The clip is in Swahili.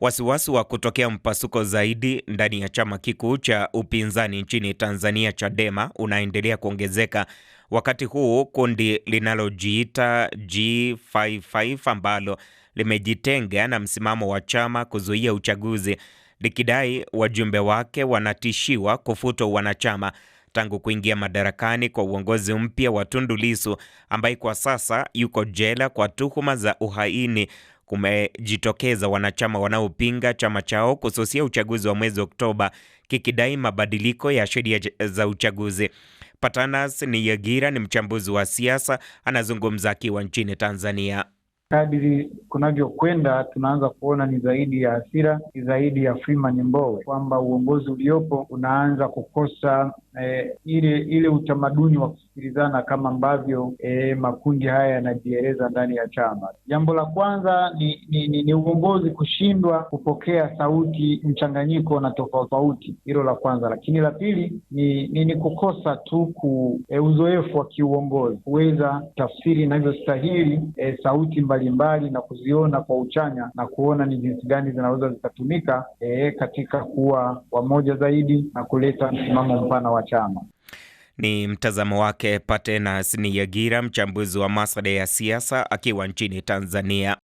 Wasiwasi wa kutokea mpasuko zaidi ndani ya chama kikuu cha upinzani nchini Tanzania, Chadema, unaendelea kuongezeka wakati huu kundi linalojiita G55 ambalo limejitenga na msimamo wa chama kuzuia uchaguzi likidai wajumbe wake wanatishiwa kufutwa wanachama tangu kuingia madarakani kwa uongozi mpya wa Tundu Lissu ambaye kwa sasa yuko jela kwa tuhuma za uhaini kumejitokeza wanachama wanaopinga chama chao kususia uchaguzi wa mwezi Oktoba, kikidai mabadiliko ya sheria za uchaguzi. Patanas Niyagira ni mchambuzi wa siasa, anazungumza akiwa nchini Tanzania. Kadiri kunavyokwenda tunaanza kuona ni zaidi ya hasira, ni zaidi ya Freeman Mbowe, kwamba uongozi uliopo unaanza kukosa eh, ile ile utamaduni wa kusikilizana kama ambavyo eh, makundi haya yanajieleza ndani ya chama. Jambo la kwanza ni, ni, ni, ni uongozi kushindwa kupokea sauti mchanganyiko na tofauti, hilo la kwanza. Lakini la pili ni, ni, ni kukosa tu ku, eh, uzoefu wa kiuongozi kuweza tafsiri inavyostahili eh, sauti mba mbalimbali na kuziona kwa uchanya na kuona ni jinsi gani zinaweza zikatumika e, katika kuwa wamoja zaidi na kuleta msimamo mpana wa chama. Ni mtazamo wake Patenas Niyagira, mchambuzi wa masuala ya siasa akiwa nchini Tanzania.